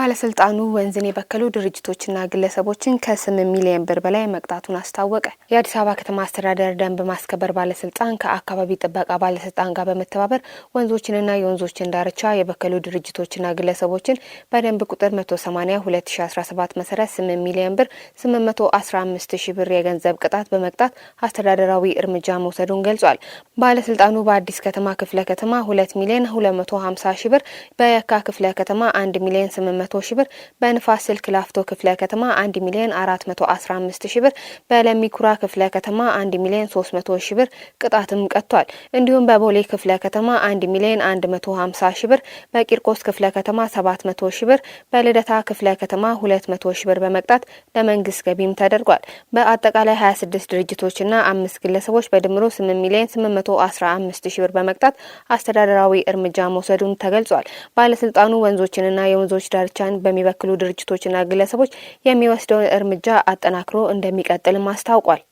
ባለስልጣኑ ወንዝን የበከሉ ድርጅቶችና ግለሰቦችን ከስም ሚሊዮን ብር በላይ መቅጣቱን አስታወቀ። የአዲስ አበባ ከተማ አስተዳደር ደንብ ማስከበር ባለስልጣን ከአካባቢ ጥበቃ ባለስልጣን ጋር በመተባበር ወንዞችንና የወንዞችን ዳርቻ የበከሉ ድርጅቶችና ግለሰቦችን በደንብ ቁጥር 180 2017 መሰረት 8 ሚሊዮን ብር 815 ሺ ብር የገንዘብ ቅጣት በመቅጣት አስተዳደራዊ እርምጃ መውሰዱን ገልጿል። ባለስልጣኑ በአዲስ ከተማ ክፍለ ከተማ 2 ሚሊዮን 250 ሺ ብር፣ በየካ ክፍለ ከተማ 1 ሚሊዮን መቶ ሺ ብር በንፋስ ስልክ ላፍቶ ክፍለ ከተማ አንድ ሚሊዮን አራት መቶ አስራ አምስት ሺ ብር በለሚኩራ ክፍለ ከተማ አንድ ሚሊዮን ሶስት መቶ ሺ ብር ቅጣትም ቀጥቷል። እንዲሁም በቦሌ ክፍለ ከተማ አንድ ሚሊዮን አንድ መቶ ሀምሳ ሺ ብር በቂርቆስ ክፍለ ከተማ ሰባት መቶ ሺ ብር በልደታ ክፍለ ከተማ ሁለት መቶ ሺ ብር በመቅጣት ለመንግስት ገቢም ተደርጓል። በአጠቃላይ ሀያ ስድስት ድርጅቶችና አምስት ግለሰቦች በድምሮ ስምንት ሚሊዮን ስምንት መቶ አስራ አምስት ሺ ብር በመቅጣት አስተዳደራዊ እርምጃ መውሰዱን ተገልጿል። ባለስልጣኑ ወንዞችንና የወንዞች ዳርቻ ጥላቻን በሚበክሉ ድርጅቶችና ግለሰቦች የሚወስደውን እርምጃ አጠናክሮ እንደሚቀጥልም አስታውቋል።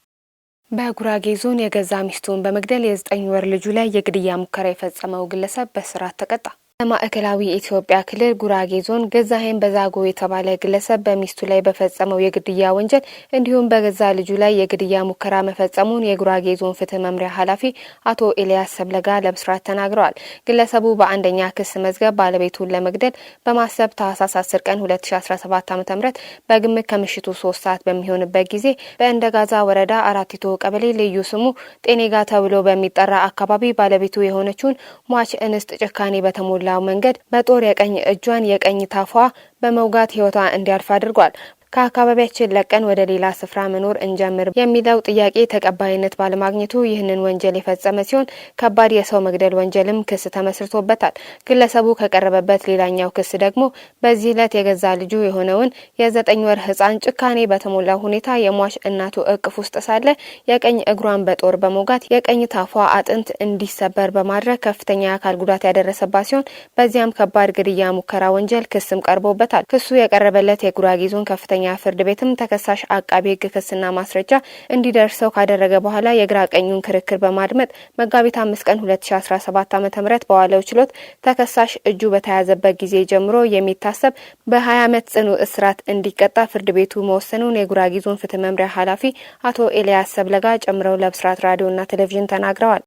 በጉራጌ ዞን የገዛ ሚስቱን በመግደል የዘጠኝ ወር ልጁ ላይ የግድያ ሙከራ የፈጸመው ግለሰብ በእስራት ተቀጣ። በማዕከላዊ ኢትዮጵያ ክልል ጉራጌ ዞን ገዛሄን በዛጎ የተባለ ግለሰብ በሚስቱ ላይ በፈጸመው የግድያ ወንጀል እንዲሁም በገዛ ልጁ ላይ የግድያ ሙከራ መፈጸሙን የጉራጌ ዞን ፍትህ መምሪያ ኃላፊ አቶ ኤልያስ ሰብለጋ ለብስራት ተናግረዋል። ግለሰቡ በአንደኛ ክስ መዝገብ ባለቤቱን ለመግደል በማሰብ ታህሳስ 10 ቀን 2017 ዓ ም በግምት ከምሽቱ 3 ሰዓት በሚሆንበት ጊዜ በእንደ ጋዛ ወረዳ አራቲቶ ቀበሌ ልዩ ስሙ ጤኔጋ ተብሎ በሚጠራ አካባቢ ባለቤቱ የሆነችውን ሟች እንስት ጭካኔ በተሞላ በባህላዊ መንገድ በጦር የቀኝ እጇን የቀኝ ታፏ በመውጋት ህይወቷ እንዲያልፍ አድርጓል። ከአካባቢያችን ለቀን ወደ ሌላ ስፍራ መኖር እንጀምር የሚለው ጥያቄ ተቀባይነት ባለማግኘቱ ይህንን ወንጀል የፈጸመ ሲሆን ከባድ የሰው መግደል ወንጀልም ክስ ተመስርቶበታል። ግለሰቡ ከቀረበበት ሌላኛው ክስ ደግሞ በዚህ ዕለት የገዛ ልጁ የሆነውን የዘጠኝ ወር ህፃን ጭካኔ በተሞላ ሁኔታ የሟች እናቱ እቅፍ ውስጥ ሳለ የቀኝ እግሯን በጦር በመውጋት የቀኝ ታፏ አጥንት እንዲሰበር በማድረግ ከፍተኛ የአካል ጉዳት ያደረሰባት ሲሆን በዚያም ከባድ ግድያ ሙከራ ወንጀል ክስም ቀርቦበታል። ክሱ የቀረበለት የጉራጌ ዞን ከፍተኛ ከፍተኛ ፍርድ ቤትም ተከሳሽ አቃቢ ህግ ክስና ማስረጃ እንዲደርሰው ካደረገ በኋላ የግራ ቀኙን ክርክር በማድመጥ መጋቢት አምስት ቀን ሁለት ሺ አስራ ሰባት በዋለው ችሎት ተከሳሽ እጁ በተያዘበት ጊዜ ጀምሮ የሚታሰብ በሀያ ዓመት ጽኑ እስራት እንዲቀጣ ፍርድ ቤቱ መወሰኑን የጉራጌ ዞን ፍትህ መምሪያ ኃላፊ አቶ ኤልያስ ሰብለጋ ጨምረው ለብስራት ራዲዮና ቴሌቪዥን ተናግረዋል።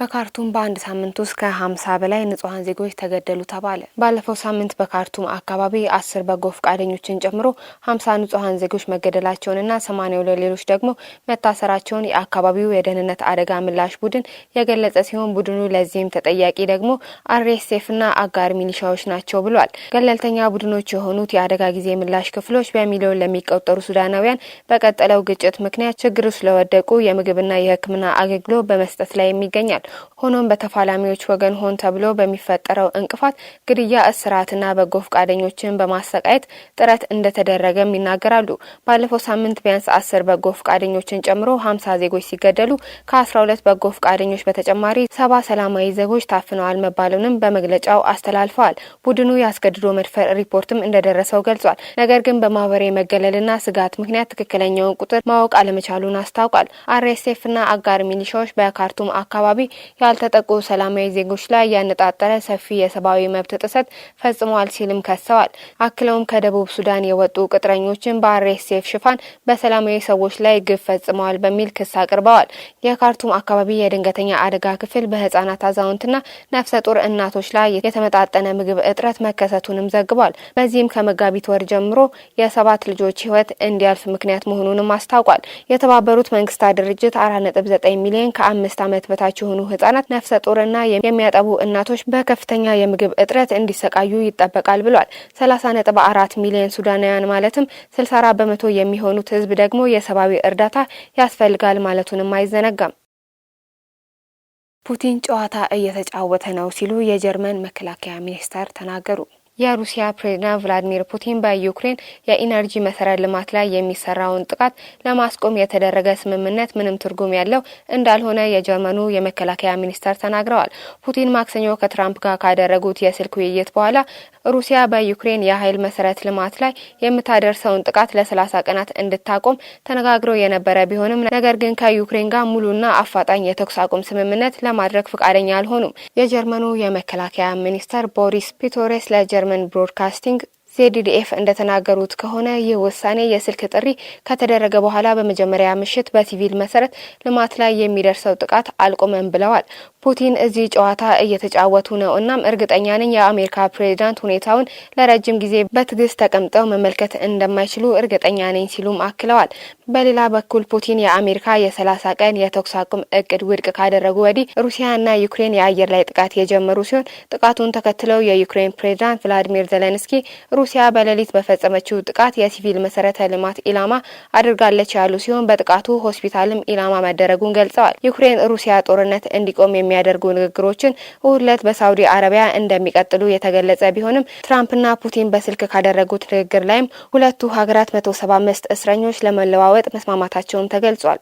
በካርቱም በአንድ ሳምንት ውስጥ ከሀምሳ በላይ ንጹሐን ዜጎች ተገደሉ ተባለ። ባለፈው ሳምንት በካርቱም አካባቢ አስር በጎ ፈቃደኞችን ጨምሮ ሀምሳ ንጹሐን ዜጎች መገደላቸውንና ሰማኒያ ሁለት ሌሎች ደግሞ መታሰራቸውን የአካባቢው የደህንነት አደጋ ምላሽ ቡድን የገለጸ ሲሆን ቡድኑ ለዚህም ተጠያቂ ደግሞ አርኤስኤፍና አጋር ሚሊሻዎች ናቸው ብሏል። ገለልተኛ ቡድኖች የሆኑት የአደጋ ጊዜ ምላሽ ክፍሎች በሚሊዮን ለሚቆጠሩ ሱዳናውያን በቀጠለው ግጭት ምክንያት ችግር ለወደቁ የምግብና የሕክምና አገልግሎት በመስጠት ላይ ይገኛል። ሆኖም በተፋላሚዎች ወገን ሆን ተብሎ በሚፈጠረው እንቅፋት ግድያ፣ እስራትና በጎ ፈቃደኞችን በማሰቃየት ጥረት እንደተደረገም ይናገራሉ። ባለፈው ሳምንት ቢያንስ አስር በጎ ፈቃደኞችን ጨምሮ ሀምሳ ዜጎች ሲገደሉ ከአስራ ሁለት በጎ ፈቃደኞች በተጨማሪ ሰባ ሰላማዊ ዜጎች ታፍነዋል መባሉንም በመግለጫው አስተላልፈዋል። ቡድኑ የአስገድዶ መድፈር ሪፖርትም እንደደረሰው ገልጿል። ነገር ግን በማህበራዊ መገለልና ስጋት ምክንያት ትክክለኛውን ቁጥር ማወቅ አለመቻሉን አስታውቋል። አርኤስኤፍና አጋር ሚሊሻዎች በካርቱም አካባቢ ያልተጠቁ ሰላማዊ ዜጎች ላይ ያነጣጠረ ሰፊ የሰብአዊ መብት ጥሰት ፈጽሟል ሲልም ከሰዋል። አክለውም ከደቡብ ሱዳን የወጡ ቅጥረኞችን በአርኤስኤፍ ሽፋን በሰላማዊ ሰዎች ላይ ግፍ ፈጽመዋል በሚል ክስ አቅርበዋል። የካርቱም አካባቢ የድንገተኛ አደጋ ክፍል በህጻናት አዛውንትና ነፍሰ ጡር እናቶች ላይ የተመጣጠነ ምግብ እጥረት መከሰቱንም ዘግቧል። በዚህም ከመጋቢት ወር ጀምሮ የሰባት ልጆች ህይወት እንዲያልፍ ምክንያት መሆኑንም አስታውቋል። የተባበሩት መንግስታት ድርጅት አራት ነጥብ ዘጠኝ ሚሊዮን ከአምስት ዓመት በታች የሆኑ የሆኑ ህጻናት፣ ነፍሰ ጡርና የሚያጠቡ እናቶች በከፍተኛ የምግብ እጥረት እንዲሰቃዩ ይጠበቃል ብሏል። ሰላሳ ሚሊዮን ሱዳናውያን ማለትም 64 በመቶ የሚሆኑት ህዝብ ደግሞ የሰብአዊ እርዳታ ያስፈልጋል ማለቱንም አይዘነጋም። ፑቲን ጨዋታ እየተጫወተ ነው ሲሉ የጀርመን መከላከያ ሚኒስተር ተናገሩ። የሩሲያ ፕሬዝዳንት ቭላዲሚር ፑቲን በዩክሬን የኢነርጂ መሰረት ልማት ላይ የሚሰራውን ጥቃት ለማስቆም የተደረገ ስምምነት ምንም ትርጉም ያለው እንዳልሆነ የጀርመኑ የመከላከያ ሚኒስተር ተናግረዋል። ፑቲን ማክሰኞ ከትራምፕ ጋር ካደረጉት የስልክ ውይይት በኋላ ሩሲያ በዩክሬን የኃይል መሰረት ልማት ላይ የምታደርሰውን ጥቃት ለሰላሳ ቀናት እንድታቆም ተነጋግረው የነበረ ቢሆንም ነገር ግን ከዩክሬን ጋር ሙሉና አፋጣኝ የተኩስ አቁም ስምምነት ለማድረግ ፈቃደኛ አልሆኑም። የጀርመኑ የመከላከያ ሚኒስተር ቦሪስ ፒቶሬስ ለጀርመን ብሮድካስቲንግ ዜዲዲኤፍ እንደተናገሩት ከሆነ ይህ ውሳኔ የስልክ ጥሪ ከተደረገ በኋላ በመጀመሪያ ምሽት በሲቪል መሰረት ልማት ላይ የሚደርሰው ጥቃት አልቆመም ብለዋል። ፑቲን እዚህ ጨዋታ እየተጫወቱ ነው። እናም እርግጠኛ ነኝ የአሜሪካ ፕሬዚዳንት ሁኔታውን ለረጅም ጊዜ በትዕግስት ተቀምጠው መመልከት እንደማይችሉ እርግጠኛ ነኝ ሲሉም አክለዋል። በሌላ በኩል ፑቲን የአሜሪካ የሰላሳ ቀን የተኩስ አቁም እቅድ ውድቅ ካደረጉ ወዲህ ሩሲያና ዩክሬን የአየር ላይ ጥቃት የጀመሩ ሲሆን ጥቃቱን ተከትለው የዩክሬን ፕሬዚዳንት ቭላዲሚር ዘለንስኪ ። ሩሲያ በሌሊት በፈጸመችው ጥቃት የሲቪል መሰረተ ልማት ኢላማ አድርጋለች ያሉ ሲሆን በጥቃቱ ሆስፒታልም ኢላማ መደረጉን ገልጸዋል። ዩክሬን ሩሲያ ጦርነት እንዲቆም የሚያደርጉ ንግግሮችን እሁድ ዕለት በሳውዲ አረቢያ እንደሚቀጥሉ የተገለጸ ቢሆንም ትራምፕና ፑቲን በስልክ ካደረጉት ንግግር ላይም ሁለቱ ሀገራት መቶ ሰባ አምስት እስረኞች ለመለዋወጥ መስማማታቸውም ተገልጿል።